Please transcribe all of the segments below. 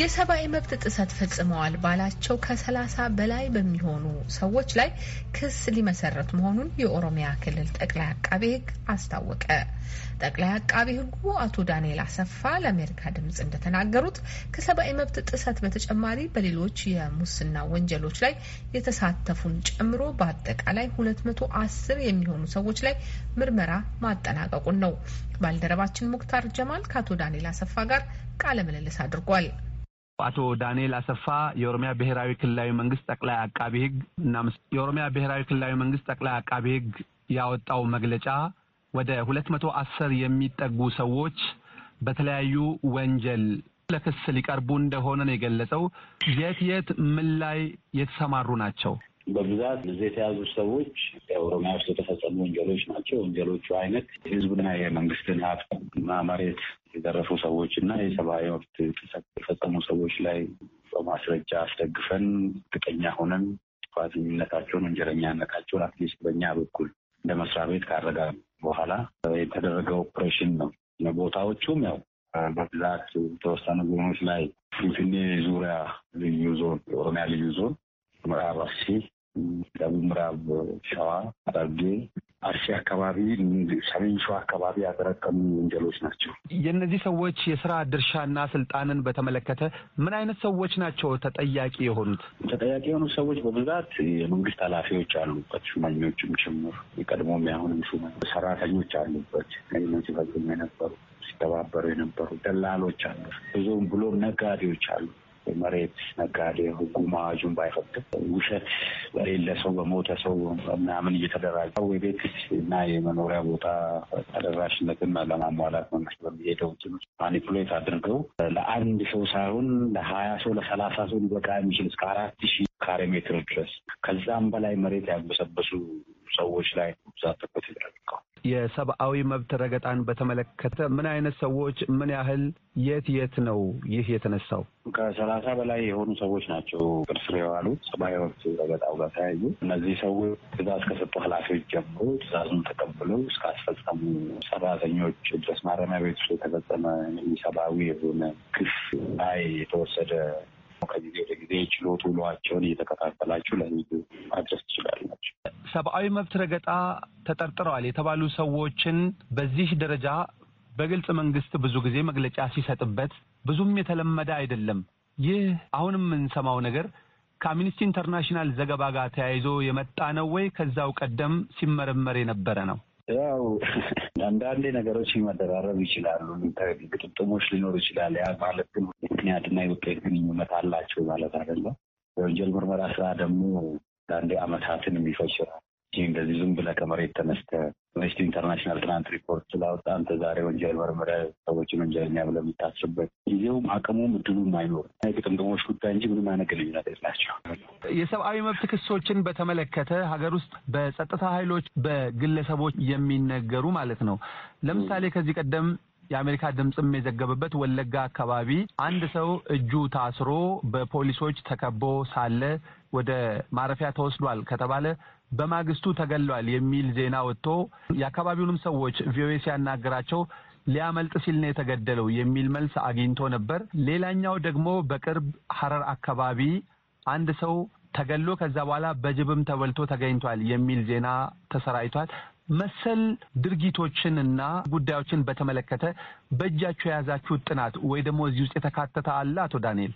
የሰብአዊ መብት ጥሰት ፈጽመዋል ባላቸው ከሰላሳ በላይ በሚሆኑ ሰዎች ላይ ክስ ሊመሰረት መሆኑን የኦሮሚያ ክልል ጠቅላይ አቃቤ ሕግ አስታወቀ። ጠቅላይ አቃቤ ሕጉ አቶ ዳንኤል አሰፋ ለአሜሪካ ድምጽ እንደተናገሩት ከሰብአዊ መብት ጥሰት በተጨማሪ በሌሎች የሙስና ወንጀሎች ላይ የተሳተፉን ጨምሮ በአጠቃላይ 210 የሚሆኑ ሰዎች ላይ ምርመራ ማጠናቀቁን ነው። ባልደረባችን ሙክታር ጀማል ከአቶ ዳንኤል አሰፋ ጋር ቃለ ምልልስ አድርጓል። አቶ ዳንኤል አሰፋ የኦሮሚያ ብሔራዊ ክልላዊ መንግስት ጠቅላይ አቃቢ ህግ እና የኦሮሚያ ብሔራዊ ክልላዊ መንግስት ጠቅላይ አቃቢ ህግ ያወጣው መግለጫ ወደ ሁለት መቶ አስር የሚጠጉ ሰዎች በተለያዩ ወንጀል ለክስ ሊቀርቡ እንደሆነ ነው የገለጸው። የት የት ምን ላይ የተሰማሩ ናቸው? በብዛት እዚህ የተያዙ ሰዎች ኦሮሚያ ውስጥ የተፈጸሙ ወንጀሎች ናቸው። ወንጀሎቹ አይነት የህዝብና የመንግስትን ሀብት እና መሬት የዘረፉ ሰዎች እና የሰብአዊ መብት ጥሰት የፈጸሙ ሰዎች ላይ በማስረጃ አስደግፈን እርግጠኛ ሆነን ጥፋተኝነታቸውን፣ ወንጀለኛነታቸውን አትሊስት በእኛ በኩል እንደ መስሪያ ቤት ካረጋ በኋላ የተደረገ ኦፕሬሽን ነው። ቦታዎቹም ያው በብዛት የተወሰኑ ዞኖች ላይ ፊንፊኔ ዙሪያ ልዩ ዞን፣ የኦሮሚያ ልዩ ዞን ምዕራብ አርሲ ደቡብ ምዕራብ ሸዋ፣ ሐረርጌ፣ አርሲ አካባቢ፣ ሰሜን ሸዋ አካባቢ ያጠረቀሙ ወንጀሎች ናቸው። የእነዚህ ሰዎች የስራ ድርሻና ስልጣንን በተመለከተ ምን አይነት ሰዎች ናቸው ተጠያቂ የሆኑት? ተጠያቂ የሆኑት ሰዎች በብዛት የመንግስት ኃላፊዎች አሉበት፣ ሹመኞችም ጭምር የቀድሞም ያሁንም ሹመ ሰራተኞች አሉበት ይህንን ሲፈጽሙ የነበሩ ሲተባበሩ የነበሩ ደላሎች አሉ፣ ብዙም ብሎም ነጋዴዎች አሉ። መሬት ነጋዴ ህጉም አዋጁን ባይፈቅድም ውሸት በሌለ ሰው በሞተ ሰው ምናምን እየተደራጀ የቤት እና የመኖሪያ ቦታ ተደራሽነትን ለማሟላት መንግስት በሚሄደው እንትኖች ማኒፕሌት አድርገው ለአንድ ሰው ሳይሆን ለሀያ ሰው ለሰላሳ ሰው ሊበቃ የሚችል እስከ አራት ሺህ ካሬ ሜትር ድረስ ከዛም በላይ መሬት ያበሰበሱ ሰዎች ላይ ብዛት ተኮት ይደረግቀዋል። የሰብአዊ መብት ረገጣን በተመለከተ ምን አይነት ሰዎች ምን ያህል የት የት ነው ይህ የተነሳው? ከሰላሳ በላይ የሆኑ ሰዎች ናቸው ቅር የዋሉት ሰብአዊ መብት ረገጣው ጋር ተያዩ። እነዚህ ሰዎች ትዕዛዝ ከሰጡ ኃላፊዎች ጀምሮ ትዕዛዙን ተቀብለው እስካስፈጸሙ ሰራተኞች ድረስ ማረሚያ ቤት ውስጥ የተፈጸመ ሰብአዊ የሆነ ግፍ ላይ የተወሰደ ከጊዜ ወደ ጊዜ ችሎት ውሏቸውን እየተከታተላችሁ ለህዝብ ማድረስ ትችላላችሁ። ሰብአዊ መብት ረገጣ ተጠርጥረዋል የተባሉ ሰዎችን በዚህ ደረጃ በግልጽ መንግስት ብዙ ጊዜ መግለጫ ሲሰጥበት ብዙም የተለመደ አይደለም። ይህ አሁን የምንሰማው ነገር ከአምኒስቲ ኢንተርናሽናል ዘገባ ጋር ተያይዞ የመጣ ነው ወይ ከዛው ቀደም ሲመረመር የነበረ ነው? ያው አንዳንዴ ነገሮች መደራረብ ይችላሉ፣ ግጥጥሞች ሊኖሩ ይችላል። ያ ማለት ግን ምክንያትና የውጤት ግንኙነት አላቸው ማለት አይደለም። የወንጀል ምርመራ ስራ ደግሞ አንዳንዴ አመታትን የሚፈጅ ስራ እንደዚህ ዝም ብለህ ከመሬት ተነስተህ አምነስቲ ኢንተርናሽናል ትናንት ሪፖርት ስላወጣ አንተ ዛሬ ወንጀል መርምረህ ሰዎችን ወንጀለኛ ብለህ የምታስርበት ጊዜውም አቅሙም እድሉም አይኖርም። የቅጥምጥሞች ጉዳይ እንጂ ምንም አይነት ግንኙነት የላቸው። የሰብአዊ መብት ክሶችን በተመለከተ ሀገር ውስጥ በጸጥታ ኃይሎች በግለሰቦች የሚነገሩ ማለት ነው። ለምሳሌ ከዚህ ቀደም የአሜሪካ ድምፅም የዘገበበት ወለጋ አካባቢ አንድ ሰው እጁ ታስሮ በፖሊሶች ተከቦ ሳለ ወደ ማረፊያ ተወስዷል ከተባለ በማግስቱ ተገሏል የሚል ዜና ወጥቶ የአካባቢውንም ሰዎች ቪኦኤ ሲያናገራቸው ሊያመልጥ ሲል ነው የተገደለው የሚል መልስ አግኝቶ ነበር። ሌላኛው ደግሞ በቅርብ ሐረር አካባቢ አንድ ሰው ተገሎ ከዛ በኋላ በጅብም ተበልቶ ተገኝቷል የሚል ዜና ተሰራይቷል። መሰል ድርጊቶችን እና ጉዳዮችን በተመለከተ በእጃችሁ የያዛችሁት ጥናት ወይ ደግሞ እዚህ ውስጥ የተካተተ አለ? አቶ ዳንኤል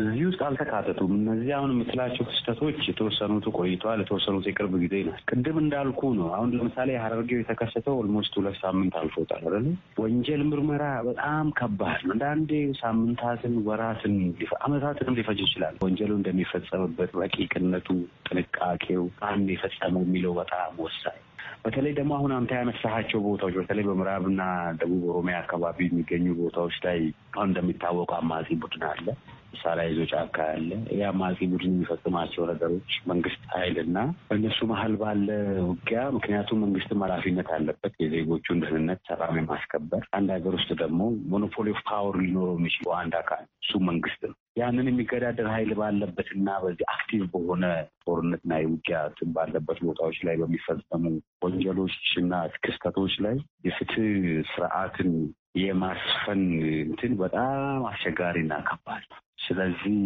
እዚህ ውስጥ አልተካተቱም። እነዚህ አሁን የምትላቸው ክስተቶች የተወሰኑት ቆይተዋል፣ የተወሰኑት የቅርብ ጊዜ ነው። ቅድም እንዳልኩ ነው። አሁን ለምሳሌ ሀረርጌው የተከሰተው ኦልሞስት ሁለት ሳምንት አልፎታል አይደለ? ወንጀል ምርመራ በጣም ከባድ ነው። አንዳንዴ ሳምንታትን፣ ወራትን፣ አመታትንም ሊፈጅ ይችላል። ወንጀሉ እንደሚፈጸምበት ረቂቅነቱ፣ ጥንቃቄው፣ አንድ የፈጸመው የሚለው በጣም ወሳኝ በተለይ ደግሞ አሁን አንተ ያነሳሃቸው ቦታዎች በተለይ በምዕራብና ደቡብ ኦሮሚያ አካባቢ የሚገኙ ቦታዎች ላይ አሁን እንደሚታወቀው አማጺ ቡድን አለ፣ መሳሪያ ይዞ ጫካ ያለ። ይህ አማጺ ቡድን የሚፈጽማቸው ነገሮች መንግስት ኃይልና በእነሱ መሀል ባለ ውጊያ፣ ምክንያቱም መንግስትም ኃላፊነት አለበት የዜጎቹን ደህንነት፣ ሰላም የማስከበር አንድ ሀገር ውስጥ ደግሞ ሞኖፖሊ ኦፍ ፓወር ሊኖረው የሚችለው አንድ አካል እሱ መንግስት ነው። ያንን የሚገዳደር ኃይል ባለበትና በዚህ አክቲቭ በሆነ ጦርነትና የውጊያ እንትን ባለበት ቦታዎች ላይ በሚፈጸሙ ወንጀሎች እና ክስተቶች ላይ የፍትህ ስርዓትን የማስፈን እንትን በጣም አስቸጋሪና ከባድ ነው። ስለዚህ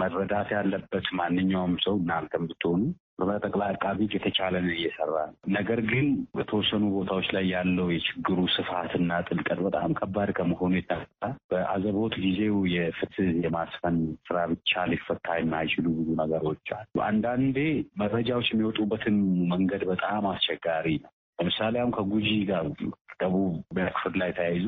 መረዳት ያለበት ማንኛውም ሰው እናንተም ብትሆኑ በጠቅላይ አቃቢ የተቻለን እየሰራ ነው። ነገር ግን በተወሰኑ ቦታዎች ላይ ያለው የችግሩ ስፋትና ጥልቀት በጣም ከባድ ከመሆኑ የተነሳ በአዘቦት ጊዜው የፍትህ የማስፈን ስራ ብቻ ሊፈታ የማይችሉ ብዙ ነገሮች አሉ። አንዳንዴ መረጃዎች የሚወጡበትን መንገድ በጣም አስቸጋሪ ነው። ለምሳሌ አሁን ከጉጂ ጋር ደቡብ በክፍል ላይ ተያይዞ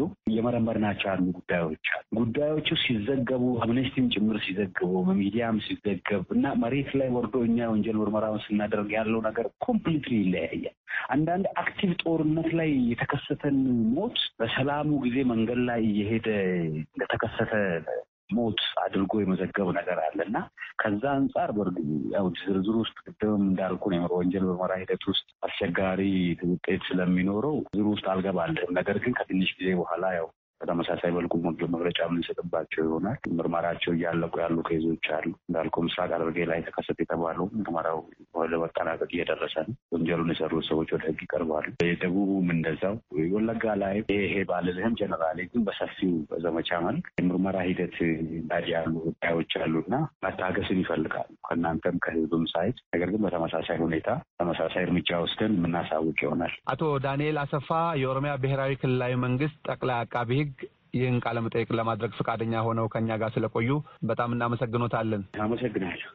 ናቸው ያሉ ጉዳዮች አሉ። ጉዳዮቹ ሲዘገቡ አምነስቲም ጭምር ሲዘግቡ፣ በሚዲያም ሲዘገብ እና መሬት ላይ ወርዶ እኛ የወንጀል ምርመራውን ስናደርግ ያለው ነገር ኮምፕሊትሊ ይለያያል። አንዳንድ አክቲቭ ጦርነት ላይ የተከሰተን ሞት በሰላሙ ጊዜ መንገድ ላይ እየሄደ እንደተከሰተ ሞት አድርጎ የመዘገብ ነገር አለ እና ከዛ አንጻር በእርግጥ ያው ዝርዝር ውስጥ ቅድም እንዳልኩ ነው ወንጀል ምርመራ ሂደት ውስጥ አስቸጋሪ ውጤት ስለሚኖረው ዝርዝር ውስጥ አልገባልም። ነገር ግን ከትንሽ ጊዜ በኋላ ያው በተመሳሳይ መልኩ መግለጫ የምንሰጥባቸው ይሆናል። ምርመራቸው እያለቁ ያሉ ከይዞች አሉ። እንዳልከው ምስራቅ ሐረርጌ ላይ ተከሰት የተባለው ምርመራው ወደ መጠናቀቅ እየደረሰ ነው። ወንጀሉን የሰሩ ሰዎች ወደ ህግ ይቀርባሉ። የደቡቡም እንደዛው። ወለጋ ላይ ይሄ ባልልህም ጀነራሌ ግን በሰፊው በዘመቻ መልክ የምርመራ ሂደት ላይ ያሉ ጉዳዮች አሉና መታገስን ይፈልጋሉ ከእናንተም ከህዝብም ሳይት። ነገር ግን በተመሳሳይ ሁኔታ ተመሳሳይ እርምጃ ወስደን የምናሳውቅ ይሆናል። አቶ ዳንኤል አሰፋ የኦሮሚያ ብሔራዊ ክልላዊ መንግስት ጠቅላይ አቃቢ ህግ ይህን ቃለ ለማድረግ ፈቃደኛ ሆነው ከኛ ጋር ስለቆዩ በጣም እናመሰግኖታለን። አመሰግናለሁ።